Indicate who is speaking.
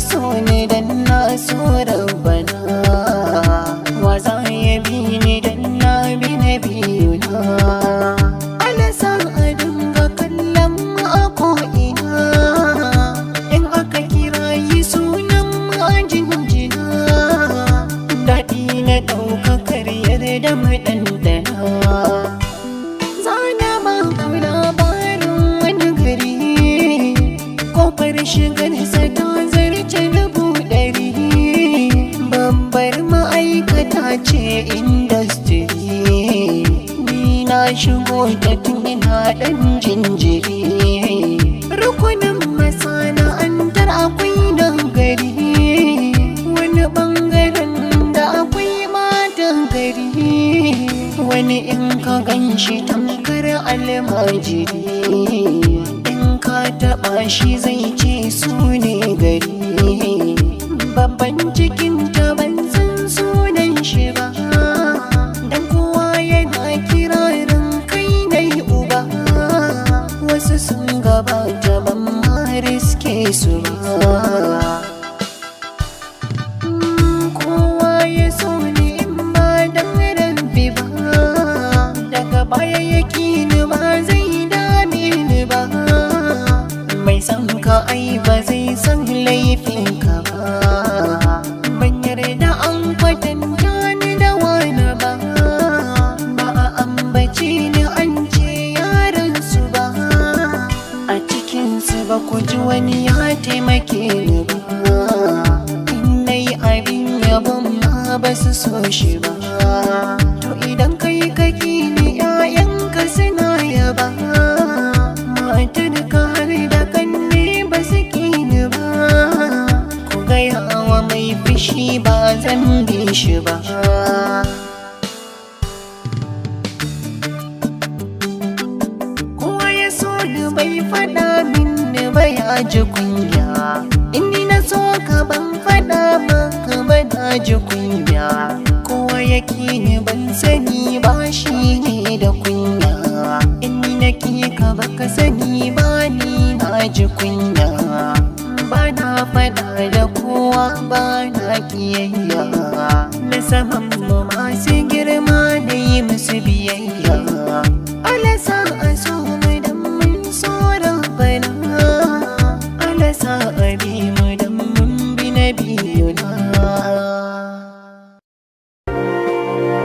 Speaker 1: so ne dan na so rabbana wa za ya bi ni dan na na biyu na alasan a dinga kallon a ko'ina in aka kira yi sunan majin jina daɗi na ɗaukakar yarda mu ta ce industry ni na shigo da tuni na ɗan jinjiri rukunin masana'antar akwai nan gari. wani ɓangaren da akwai ma gari wani in ka ganshi shi tamkar almajiri in ka taɓa shi zai ce su ne sake ba kowa ya so ni in ba dan rabbi ba daga baya yake ni ba zai dame ni ba mai san ka ai ba zai san laifin ka ba ban yarda an kwatanta ku ji wani ya taimake ni ba in na yi abin yabon ma ba su so shi ba to idan kai kaki ne 'ya'yanka suna yaba matar ka har da kanne ba su ni ba ku gaya wa mai fushi ba zan bi shi ba bai faɗa min bai aji kunya Indi na so ka ban faɗa maka bai aji kunya Kowa yake ne ban sani ba shi ne da kunya Indi na ki ka baka sani ba ni aji kunya Ba na faɗa da kowa ba na kiyayya Na saman mu